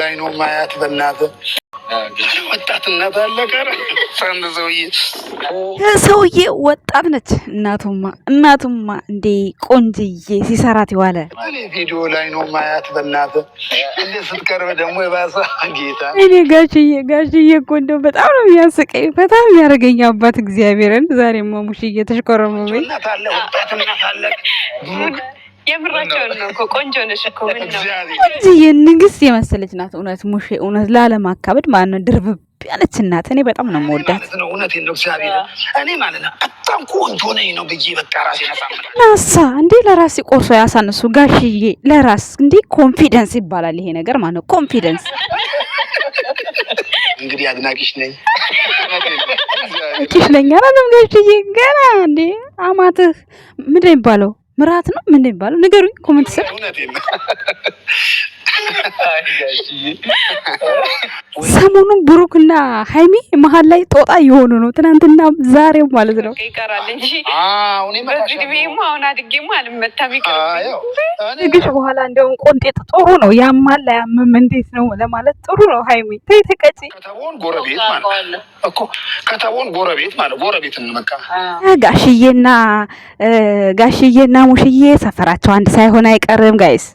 ላይ ነው ማያት በእናትህ ሰውዬ ወጣት ነች። እናቱማ እናቱማ እንዴ ቆንጅዬ ሲሰራት የዋለ ቪዲዮ ላይ ነው ማያት በእናትህ እንደ ስትቀርብ ደግሞ የባሰ ጌታ እኔ ጋሽዬ ጋሽዬ እኮ እንደው በጣም ነው የሚያስቀኝ በጣም የሚያደርገኝ አባት እግዚአብሔርን ዛሬ ሙሽዬ ተሽኮረመመኝ እናት አለ ወጣትነት አለ የምራቸውን ነው ንግስት የመሰለች ናት። እውነት ሙሼ፣ እውነት ላለማካበድ ማለት ነው። ድርብብ ያለች እናት እኔ በጣም ነው የምወዳት። ናሳ እንዴ ቆርሶ ያሳንሱ ጋሽዬ፣ ለራስ እንዴ ኮንፊደንስ ይባላል ይሄ ነገር ማለት ነው። ኮንፊደንስ እንግዲህ አድናቂሽ ነኝ ለኛ ገና እንዴ አማትህ ምንድን ነው የሚባለው ምራት ነው ምን ይባላል? ንገሩኝ ኮመንት ስር ሰሞኑን ብሩክና ሀይሚ መሀል ላይ ጦጣ እየሆኑ ነው። ትናንትና ዛሬው ማለት ነው። ግሽ በኋላ እንደውም ቆንጤት ጥሩ ነው። ያማል አያምም እንዴት ነው ለማለት ጥሩ ነው። ሀይሚ ተይ ተቀጪ። ከተቦን ጎረቤት ማለት ጎረቤት እንመቃ ጋሽዬና ጋሽዬና ሙሽዬ ሰፈራቸው አንድ ሳይሆን አይቀርም ጋይስ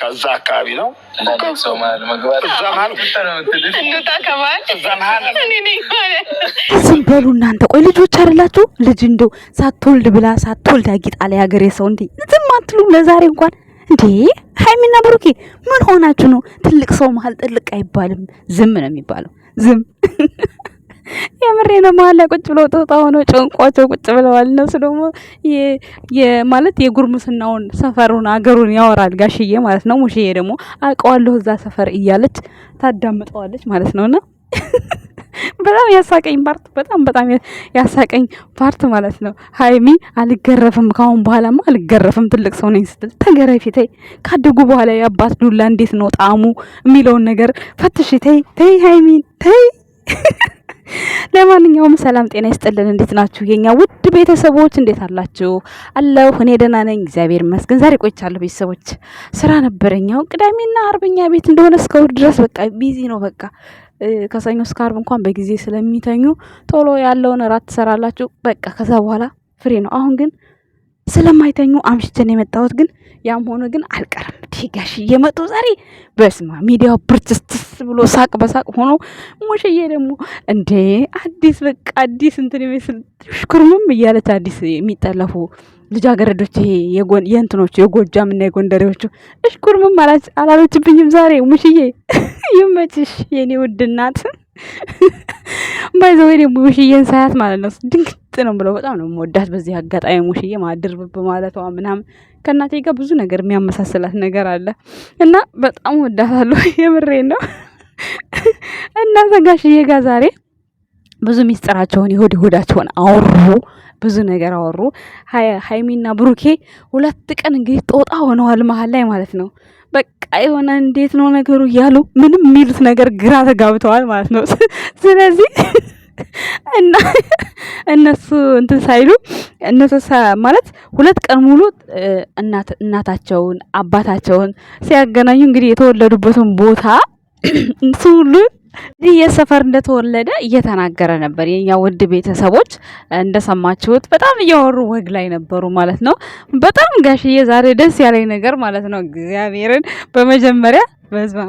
ከዛ አካባቢ ነው። ዝም በሉ እናንተ። ቆይ ልጆች አይደላችሁ? ልጅ እንደው ሳትወልድ ብላ ሳትወልድ አጊጣ ላይ ሀገሬ ሰው እንዴ ዝም አትሉ? ለዛሬ እንኳን እንዴ ሀይሚና ብሩኬ ምን ሆናችሁ ነው? ትልቅ ሰው መሀል ጥልቅ አይባልም። ዝም ነው የሚባለው። ዝም የምሬ ነው። መሀል ላይ ቁጭ ብለው ጦጣ ሆኖ ጨንቋቸው ቁጭ ብለዋል። እነሱ ደግሞ ማለት የጉርምስናውን ሰፈሩን አገሩን ያወራል ጋሽዬ ማለት ነው። ሙሽዬ ደግሞ አውቀዋለሁ እዛ ሰፈር እያለች ታዳምጠዋለች ማለት ነውና በጣም ያሳቀኝ ፓርት በጣም በጣም ያሳቀኝ ፓርት ማለት ነው። ሀይሚ አልገረፍም፣ ካሁን በኋላማ አልገረፍም ትልቅ ሰው ነኝ ስትል ተገረፊ። ተይ ካደጉ በኋላ የአባት ዱላ እንዴት ነው ጣዕሙ የሚለውን ነገር ፈትሽ። ተይ ተይ፣ ሀይሚን ተይ ለማንኛውም ሰላም ጤና ይስጥልን። እንዴት ናችሁ የኛ ውድ ቤተሰቦች? እንዴት አላችሁ? አለሁ እኔ ደህና ነኝ፣ እግዚአብሔር ይመስገን። ዛሬ ቆይቻለሁ ቤተሰቦች፣ ስራ ነበረኛው። ቅዳሜና አርበኛ ቤት እንደሆነ እስከ እሑድ ድረስ በቃ ቢዚ ነው። በቃ ከሰኞ እስከ አርብ እንኳን በጊዜ ስለሚተኙ ቶሎ ያለውን እራት ትሰራላችሁ። በቃ ከዛ በኋላ ፍሬ ነው። አሁን ግን ስለማይተኙ አምሽተን የመጣሁት ግን ያም ሆኖ ግን አልቀርም። ዲጋሽ እየመጡ ዛሬ። በስማ ሚዲያው ብርትስት ብሎ ሳቅ በሳቅ ሆኖ ሙሽዬ ደግሞ እንዴ አዲስ በቃ አዲስ እንትን ይመስል ሽክርምም እያለች አዲስ የሚጠለፉ ልጃገረዶች ይሄ የእንትኖቹ የጎጃም እና የጎንደሬዎቹ እሽኩርምም አላለችብኝም ዛሬ ሙሽዬ ይመችሽ የኔ ውድ እናት ባይዘ ደግሞ ሙሽዬን ሳያት ማለት ነው ድንግጥ ነው ብለው በጣም ነው የምወዳት። በዚህ አጋጣሚ ሙሽዬ ማድር በማለቷ ምናምን ከእናቴ ጋር ብዙ ነገር የሚያመሳስላት ነገር አለ እና በጣም ወዳታለሁ። የምሬ ነው። እና ዘጋሽዬ ጋ ዛሬ ብዙ ሚስጥራቸውን የሆድ የሆዳቸውን አወሩ። ብዙ ነገር አወሩ። ሀይሚና ብሩኬ ሁለት ቀን እንግዲህ ጦጣ ሆነዋል መሀል ላይ ማለት ነው። በቃ የሆነ እንዴት ነው ነገሩ እያሉ ምንም የሚሉት ነገር ግራ ተጋብተዋል ማለት ነው። ስለዚህ እና እነሱ እንትን ሳይሉ እነሱ ማለት ሁለት ቀን ሙሉ እናታቸውን አባታቸውን ሲያገናኙ እንግዲህ የተወለዱበትን ቦታ እሱ ሁሉ የሰፈር እንደተወለደ እየተናገረ ነበር። የኛ ውድ ቤተሰቦች እንደሰማችሁት በጣም እያወሩ ወግ ላይ ነበሩ ማለት ነው። በጣም ጋሽዬ ዛሬ ደስ ያለኝ ነገር ማለት ነው እግዚአብሔርን በመጀመሪያ በዝማ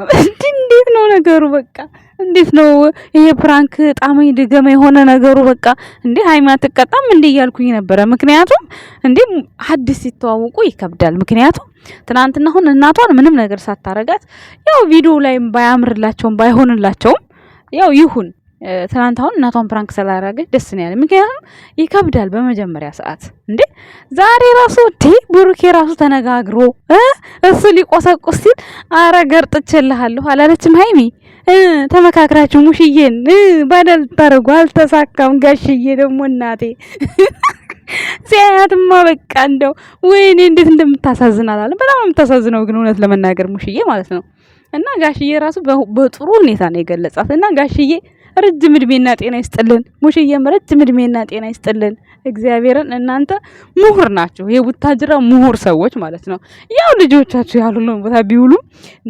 ነው ነገሩ። በቃ እንዴት ነው ይሄ ፕራንክ ጣመኝ ድገመ የሆነ ነገሩ። በቃ እንዴ ሀይሚ አትቀጣም እንዴ እያልኩኝ ነበረ። ምክንያቱም እንዴ አዲስ ሲተዋወቁ ይከብዳል። ምክንያቱም ትናንትና አሁን እናቷን ምንም ነገር ሳታረጋት ያው ቪዲዮ ላይ ባያምርላቸውም ባይሆንላቸውም ያው ይሁን ትናንት አሁን እናቷን ፕራንክ ስላደረገች ደስ ነው ያለ። ምክንያቱም ይከብዳል በመጀመሪያ ሰዓት እንዴ። ዛሬ ራሱ እንዴ ብሩኬ ራሱ ተነጋግሮ እሱ ሊቆሰቁስ ሲል አረ ገርጥችልሃለሁ አላለችም ሀይሚ። ተመካክራችሁ ሙሽዬን ባደል ታደርጉ። አልተሳካም ጋሽዬ ደግሞ እናቴ ሲያያትማ በቃ እንደው ወይኔ እንዴት እንደምታሳዝን በጣም የምታሳዝነው ግን እውነት ለመናገር ሙሽዬ ማለት ነው። እና ጋሽዬ ራሱ በጥሩ ሁኔታ ነው የገለጻት። እና ጋሽዬ ረጅም እድሜና ጤና ይስጥልን። ሙሽዬም ረጅም እድሜና ጤና ይስጥልን። እግዚአብሔርን እናንተ ምሁር ናችሁ፣ የቡታጅራ ምሁር ሰዎች ማለት ነው። ያው ልጆቻችሁ ያሉልን ቦታ ቢውሉ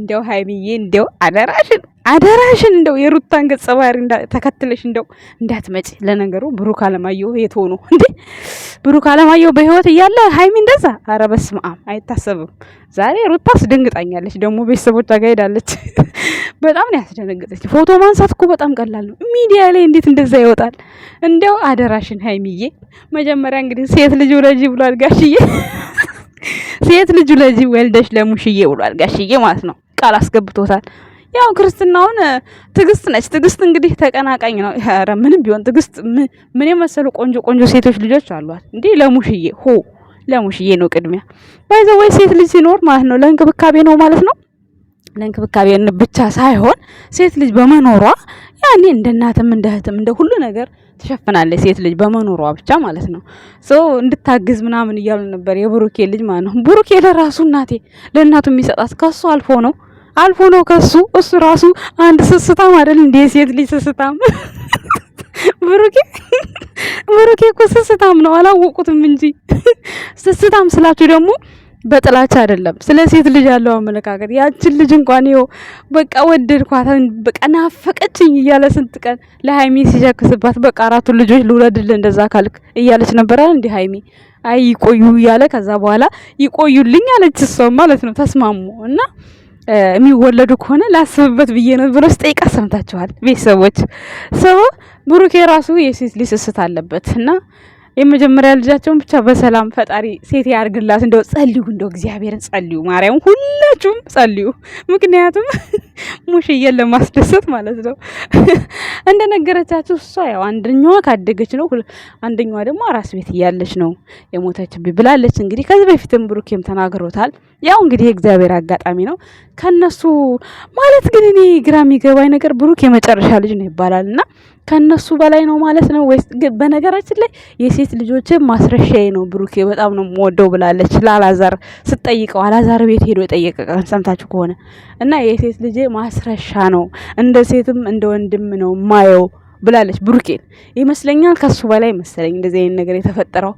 እንዲያው ሀይሚዬ እንዲያው አደራሽን አደራሽን እንደው የሩታን ገጸ ባህሪ ተከትለሽ እንደው እንዳትመጪ። ለነገሩ ብሩክ አለማየሁ የት ሆኖ እንዴ? ብሩክ አለማየሁ በህይወት እያለ ሀይሚ እንደዛ? አረ በስመ አብ አይታሰብም። ዛሬ ሩታስ አስደንግጣኛለች ደግሞ ቤተሰቦቿ ጋር ሄዳለች። በጣም ነው ያስደነገጠች። ፎቶ ማንሳት እኮ በጣም ቀላል ነው። ሚዲያ ላይ እንዴት እንደዛ ይወጣል? እንደው አደራሽን ሀይሚዬ፣ መጀመሪያ እንግዲህ ሴት ልጅ ውለጂ ብሏል ጋሽዬ። ሴት ልጅ ውለጂ ወልደሽ ለሙሽዬ ብሏል ጋሽዬ ማለት ነው። ቃል አስገብቶታል። ያው ክርስትናውን ትግስት ነች። ትግስት እንግዲህ ተቀናቃኝ ነው። ኧረ ምንም ቢሆን ትግስት ምን የመሰሉ ቆንጆ ቆንጆ ሴቶች ልጆች አሏት። እንዴ ለሙሽዬ ሆ ለሙሽዬ ነው ቅድሚያ ባይዘ ወይ ሴት ልጅ ሲኖር ማለት ነው ለእንክብካቤ ነው ማለት ነው። ለእንክብካቤ ብቻ ሳይሆን ሴት ልጅ በመኖሯ ያኔ እንደ እናትም እንደ እህትም እንደ ሁሉ ነገር ትሸፍናለች። ሴት ልጅ በመኖሯ ብቻ ማለት ነው ሰው እንድታግዝ ምናምን እያሉ ነበር የብሩኬ ልጅ ማለት ነው። ብሩኬ ለራሱ እናቴ ለእናቱ የሚሰጣት ከሱ አልፎ ነው አልፎ ነው ከሱ እሱ ራሱ አንድ ስስታም አይደል እንዴ? ሴት ልጅ ስስታም ብሩኬ ብሩኬ እኮ ስስታም ነው፣ አላወቁትም እንጂ ስስታም ስላችሁ ደግሞ በጥላቻ አይደለም። ስለ ሴት ልጅ ያለው አመለካከት ያችን ልጅ እንኳን ይኸው በቃ ወደድኳት፣ በቃ ናፈቀችኝ እያለ ስንት ቀን ለሀይሚ ሲጀክስባት፣ በቃ አራቱ ልጆች ልውለድልህ እንደዛ ካልክ እያለች ነበረ እንዲ ሀይሚ አይ ይቆዩ እያለ ከዛ በኋላ ይቆዩልኝ አለች እሷ ማለት ነው። ተስማሙ እና የሚወለዱ ከሆነ ላስብበት ብዬ ነው ብሎ ስጠይቃ ሰምታችኋል። ቤተሰቦች ሰው ብሩክ የራሱ የሴት ልጅ ስስት አለበት እና የመጀመሪያ ልጃቸውን ብቻ በሰላም ፈጣሪ ሴት ያርግላት። እንደው ጸልዩ፣ እንደው እግዚአብሔርን ጸልዩ፣ ማርያም ሁላችሁም ጸልዩ። ምክንያቱም ሙሽዬን ለማስደሰት ማለት ነው። እንደነገረቻችሁ እሷ ያው አንደኛዋ ካደገች ነው፣ አንደኛዋ ደግሞ አራስ ቤት እያለች ነው የሞተች ብላለች። እንግዲህ ከዚህ በፊትም ብሩኬም ተናግሮታል። ያው እንግዲህ የእግዚአብሔር አጋጣሚ ነው ከነሱ ማለት ግን እኔ ግራ የሚገባኝ ነገር ብሩክ የመጨረሻ ልጅ ነው ይባላል እና ከነሱ በላይ ነው ማለት ነው ወይስ? በነገራችን ላይ የሴት ልጆች ማስረሻዬ ነው ብሩኬ በጣም ነው የምወደው ብላለች። ለአላዛር ስትጠይቀው አላዛር ቤት ሄዶ የጠየቀ ቀን ሰምታችሁ ከሆነ እና የሴት ልጅ ማስረሻ ነው፣ እንደ ሴትም እንደ ወንድም ነው ማየው ብላለች ብሩኬን። ይመስለኛል ከሱ በላይ መሰለኝ እንደዚህ አይነት ነገር የተፈጠረው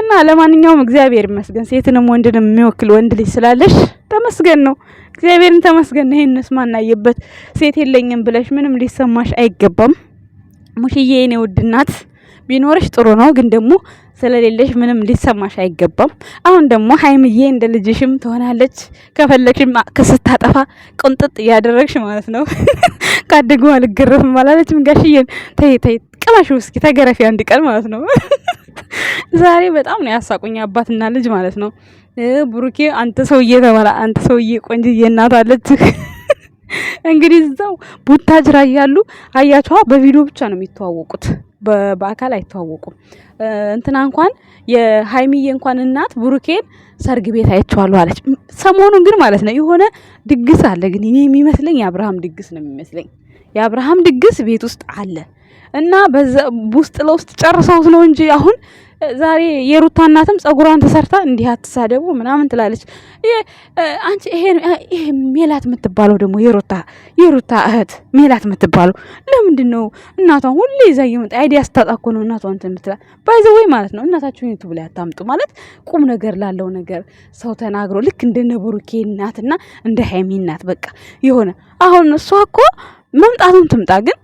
እና ለማንኛውም እግዚአብሔር ይመስገን ሴትንም ወንድንም የሚወክል ወንድ ልጅ ስላለሽ ተመስገን ነው። እግዚአብሔርን ተመስገን። ይህንስ ማናየበት ሴት የለኝም ብለሽ ምንም ሊሰማሽ አይገባም። ሙሽዬ የኔ ውድናት እናት ቢኖርሽ ጥሩ ነው፣ ግን ደግሞ ስለሌለሽ ምንም ሊሰማሽ አይገባም። አሁን ደግሞ ሀይምዬ እንደ ልጅሽም ትሆናለች። ከፈለግሽም ስታጠፋ ቁንጥጥ እያደረግሽ ማለት ነው። ካደጉ አልገረፍም አላለችም ጋሽዬን። ተይ ተይ ቅመሽ እስኪ ተገረፊ አንድ ቀን ማለት ነው። ዛሬ በጣም ነው ያሳቁኝ አባትና ልጅ ማለት ነው። ብሩኬ አንተ ሰውዬ ተባላ አንተ ሰውዬ ቆንጅዬ እናት አለች። እንግዲህ እዛው ቡታጅራ እያሉ አያቸኋ በቪዲዮ ብቻ ነው የሚተዋወቁት። በአካል አይተዋወቁም። እንትና እንኳን የሀይሚዬ እንኳን እናት ብሩኬን ሰርግ ቤት አይቸዋሉ አለች። ሰሞኑን ግን ማለት ነው የሆነ ድግስ አለ። ግን እኔ የሚመስለኝ የአብርሃም ድግስ ነው የሚመስለኝ። የአብርሃም ድግስ ቤት ውስጥ አለ እና በዛ ውስጥ ለውስጥ ጨርሰውት ነው እንጂ አሁን ዛሬ የሩታ እናትም ጸጉሯን ተሰርታ እንዲህ አትሳደቡ ምናምን ትላለች። አንቺ ይሄ ይሄ ሜላት የምትባለው ደግሞ የሩታ የሩታ እህት ሜላት የምትባለው ለምንድን ነው እናቷን ሁሌ ይዛ እየመጣ አይዲያ ስታጣኮ ነው እናቷን እንትን የምትላት ባይዘ ወይ ማለት ነው። እናታችሁን ዩቱብ ላይ አታምጡ ማለት ቁም ነገር ላለው ነገር ሰው ተናግሮ ልክ እንደ ብሩኬ እናትና እንደ ሀይሚ እናት በቃ የሆነ አሁን እሷ እኮ መምጣቱን ትምጣ ግን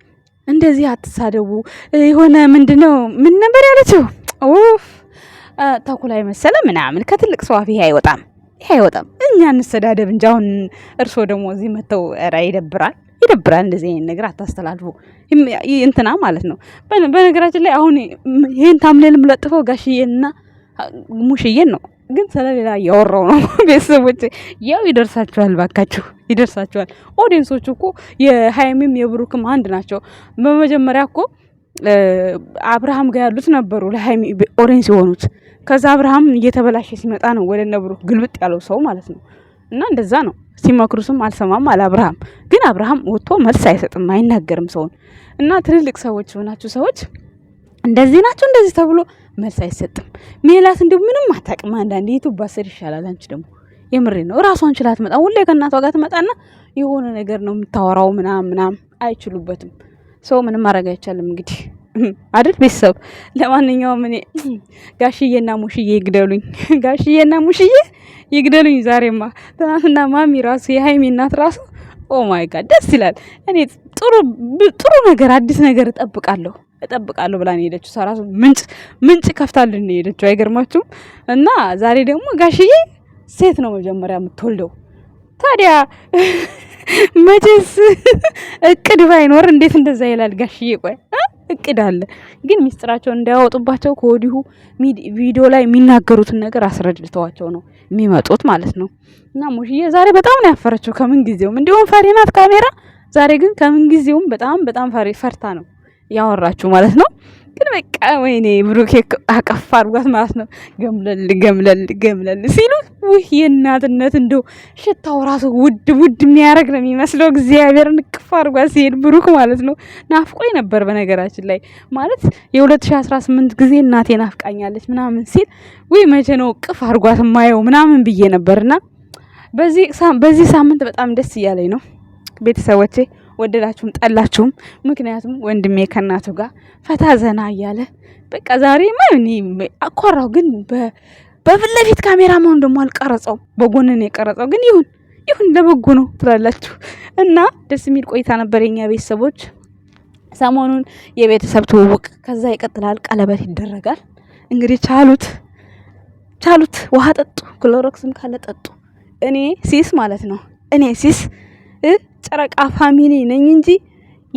እንደዚህ አትሳደቡ። የሆነ ምንድነው ምን ነበር ያለችው? ኡፍ ተኩላ ይመሰለ ምናምን ከትልቅ ሰው አፍ ይሄ አይወጣም፣ ይሄ አይወጣም። እኛ እንሰዳደብ እንጂ አሁን እርስዎ ደግሞ እዚህ መተው፣ ኧረ ይደብራል፣ ይደብራል። እንደዚህ አይነት ነገር አታስተላልፉ። እንትና ማለት ነው። በነገራችን ላይ አሁን ይህን ታምሌል ምለጥፈው ጋሽዬንና ሙሽዬን ነው ግን ስለሌላ እያወራው ነው። ቤተሰቦች ያው ይደርሳችኋል፣ ባካችሁ ይደርሳችኋል። ኦዲየንሶቹ እኮ የሀይሚም የብሩክም አንድ ናቸው። በመጀመሪያ እኮ አብርሃም ጋር ያሉት ነበሩ ለሀይሚ ኦዲየንስ የሆኑት። ከዛ አብርሃም እየተበላሸ ሲመጣ ነው ወደ እነ ብሩክ ግልብጥ ያለው ሰው ማለት ነው። እና እንደዛ ነው ሲመክሩስም አልሰማም አለ አብርሃም። ግን አብርሃም ወጥቶ መልስ አይሰጥም አይናገርም ሰውን እና ትልልቅ ሰዎች የሆናችሁ ሰዎች እንደዚህ ናቸው እንደዚህ ተብሎ መልስ አይሰጥም። ሜላት እንዲሁ ምንም አታውቅም። አንዳንዴ የቱ ባስር ይሻላል። አንቺ ደግሞ የምሬ ነው እራሷን ችላ ትመጣ። ሁሌ ከእናቷ ጋር ትመጣና የሆነ ነገር ነው የምታወራው ምናምን ምናምን። አይችሉበትም። ሰው ምንም ማድረግ አይቻልም እንግዲህ አይደል ቤተሰብ። ለማንኛውም እኔ ጋሽዬና ሙሽዬ ይግደሉኝ፣ ጋሽዬና ሙሽዬ ይግደሉኝ። ዛሬማ ትናንትና ማሚ ራሱ የሀይሚ እናት ራሱ ኦ ማይ ጋድ ደስ ይላል። እኔ ጥሩ ጥሩ ነገር አዲስ ነገር እጠብቃለሁ እጠብቃለሁ ብላ ነው የሄደችው። ምንጭ ምንጭ ከፍታልን ነው የሄደችው። አይገርማችሁም? እና ዛሬ ደግሞ ጋሽዬ ሴት ነው መጀመሪያ የምትወልደው። ታዲያ መቼስ እቅድ ባይኖር እንዴት እንደዛ ይላል ጋሽዬ? ቆይ እቅድ አለ ግን ሚስጥራቸውን እንዳያወጡባቸው ከወዲሁ ቪዲዮ ላይ የሚናገሩትን ነገር አስረድተዋቸው ነው የሚመጡት ማለት ነው። እና ሙሽዬ ዛሬ በጣም ነው ያፈረችው ከምን ጊዜውም። እንዲሁም ፈሪናት ካሜራ ዛሬ ግን ከምንጊዜውም በጣም በጣም ፈርታ ነው ያወራችሁ ማለት ነው። ግን በቃ ወይኔ ብሩኬ አቀፋ አድርጓት ማለት ነው። ገምለል ገምለል ገምለል ሲሉ ውህ የእናትነት እንደው ሽታው ራሱ ውድ ውድ የሚያደርግ ነው የሚመስለው። እግዚአብሔርን ቅፍ አድርጓት ሲሄድ ብሩክ ማለት ነው። ናፍቆኝ ነበር በነገራችን ላይ ማለት የ2018 ጊዜ እናቴ ናፍቃኛለች ምናምን ሲል ውይ መቼ ነው ቅፍ አድርጓት ማየው ምናምን ብዬ ነበርና በዚህ ሳምንት በጣም ደስ እያለኝ ነው። ቤተሰቦቼ ወደዳችሁም ጠላችሁም፣ ምክንያቱም ወንድሜ ከእናቱ ጋር ፈታ ዘና እያለ በቃ ዛሬ እኔ አኮራው። ግን በፊት ለፊት ካሜራ መሆን ደግሞ አልቀረጸው በጎንን የቀረጸው ግን ይሁን ይሁን ለበጎ ነው ትላላችሁ። እና ደስ የሚል ቆይታ ነበር የኛ ቤተሰቦች። ሰሞኑን የቤተሰብ ትውውቅ ከዛ ይቀጥላል። ቀለበት ይደረጋል። እንግዲህ ቻሉት ቻሉት። ውሃ ጠጡ፣ ክሎሮክስም ካለ ጠጡ። እኔ ሲስ ማለት ነው እኔ ሲስ ጨረቃ ፋሚሊ ነኝ እንጂ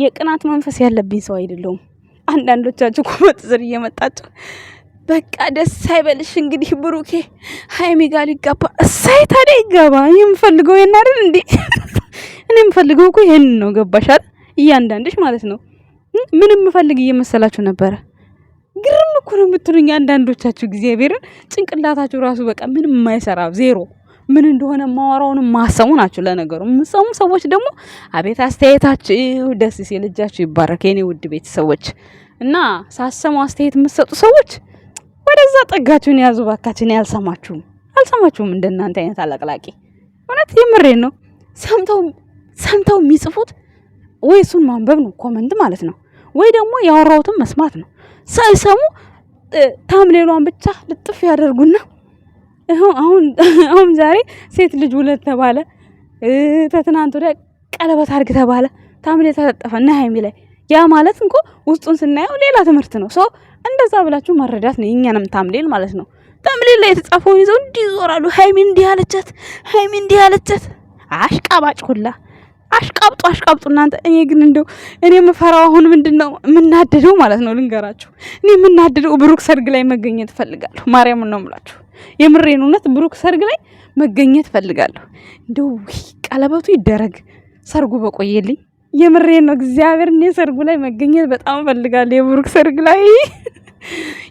የቅናት መንፈስ ያለብኝ ሰው አይደለሁም። አንዳንዶቻችሁ ቁመት ስር እየመጣችሁ በቃ ደስ ሳይበልሽ እንግዲህ ብሩኬ ሀይሚ ጋር ሊጋባ እሳይ ታዲያ ይጋባ። የምፈልገው ይሄን አይደል እንዴ? እኔ የምፈልገው እኮ ይሄን ነው። ገባሻል? እያንዳንድሽ ማለት ነው ምን የምፈልግ እየመሰላችሁ ነበረ? ግርም እኮ ነው የምትሉኝ አንዳንዶቻችሁ። እግዚአብሔርን ጭንቅላታችሁ ራሱ በቃ ምንም የማይሰራ ዜሮ ምን እንደሆነ ማወራውን ማሰሙ ናቸው ለነገሩ ምሰሙ ሰዎች ደግሞ አቤት አስተያየታችሁ ደስ ሲል እጃችሁ ይባረክ የኔ ውድ ቤተሰቦች እና ሳሰሙ አስተያየት የምትሰጡ ሰዎች ወደዛ ጠጋችሁን ያዙ ባካችን። ያልሰማችሁም አልሰማችሁም እንደናንተ አይነት አላቅላቂ እውነት የምሬን ነው። ሰምተው ሰምተው የሚጽፉት ወይ እሱን ማንበብ ነው ኮመንት ማለት ነው፣ ወይ ደግሞ ያወራሁትን መስማት ነው። ሳይሰሙ ታምሌሏን ብቻ ልጥፍ ያደርጉና አሁን አሁን ዛሬ ሴት ልጅ ውለድ ተባለ። ተትናንት ወዲያ ቀለበት አድርግ ተባለ። ታምሌ ተጠጠፈ እና ሀይሚ ላይ ያ ማለት እንኮ ውስጡን ስናየው ሌላ ትምህርት ነው። ሰው እንደዛ ብላችሁ መረዳት ነው። የእኛንም ታምሌል ማለት ነው። ታምሌል ላይ የተጻፈውን ይዘው እንዲህ ይዞራሉ። ሀይሚ እንዲህ አለቻት፣ ሀይሚ እንዲህ አለቻት። አሽቃባጭ ሁላ አሽቃብጡ አሽቃብጡ። እናንተ እኔ ግን እንደው እኔ የምፈራው አሁን ምንድን ነው የምናደደው ማለት ነው ልንገራችሁ። እኔ የምናደደው ብሩክ ሰርግ ላይ መገኘት እፈልጋለሁ። ማርያም ነው የምላችሁ የምሬን እውነት ብሩክ ሰርግ ላይ መገኘት ፈልጋለሁ። እንደው ቀለበቱ ይደረግ፣ ሰርጉ በቆየልኝ። የምሬን ነው እግዚአብሔር። እኔ ሰርጉ ላይ መገኘት በጣም ፈልጋለሁ፣ የብሩክ ሰርግ ላይ።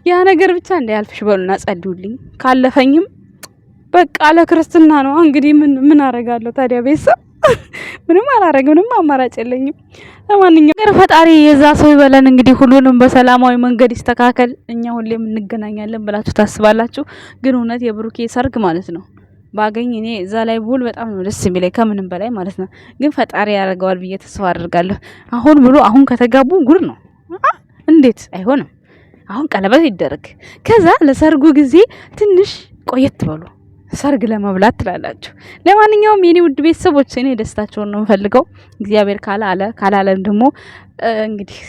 ያ ነገር ብቻ እንዳያልፍሽ በሉና ጸልዩልኝ። ካለፈኝም በቃ ለክርስትና ነው እንግዲህ። ምን ምን አረጋለሁ ታዲያ ቤተሰብ ምንም አላረግ፣ ምንም አማራጭ የለኝም። ለማንኛውም ፈጣሪ የዛ ሰው ይበለን። እንግዲህ ሁሉንም በሰላማዊ መንገድ ይስተካከል። እኛ ሁሌም እንገናኛለን ብላችሁ ታስባላችሁ፣ ግን እውነት የብሩኬ ሰርግ ማለት ነው ባገኝ እኔ እዛ ላይ ብውል በጣም ነው ደስ የሚለኝ ከምንም በላይ ማለት ነው። ግን ፈጣሪ ያደርገዋል ብዬ ተስፋ አድርጋለሁ። አሁን ብሎ አሁን ከተጋቡ ጉድ ነው። እንዴት አይሆንም? አሁን ቀለበት ይደረግ፣ ከዛ ለሰርጉ ጊዜ ትንሽ ቆየት በሉ። ሰርግ ለመብላት ትላላችሁ። ለማንኛውም የኔ ውድ ቤተሰቦች እኔ ደስታቸውን ነው ፈልገው እግዚአብሔር ካላለ ካላለም ደግሞ እንግዲህ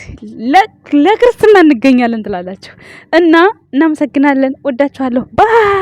ለክርስትና እንገኛለን ትላላችሁ እና እናመሰግናለን። ወዳችኋለሁ። ባይ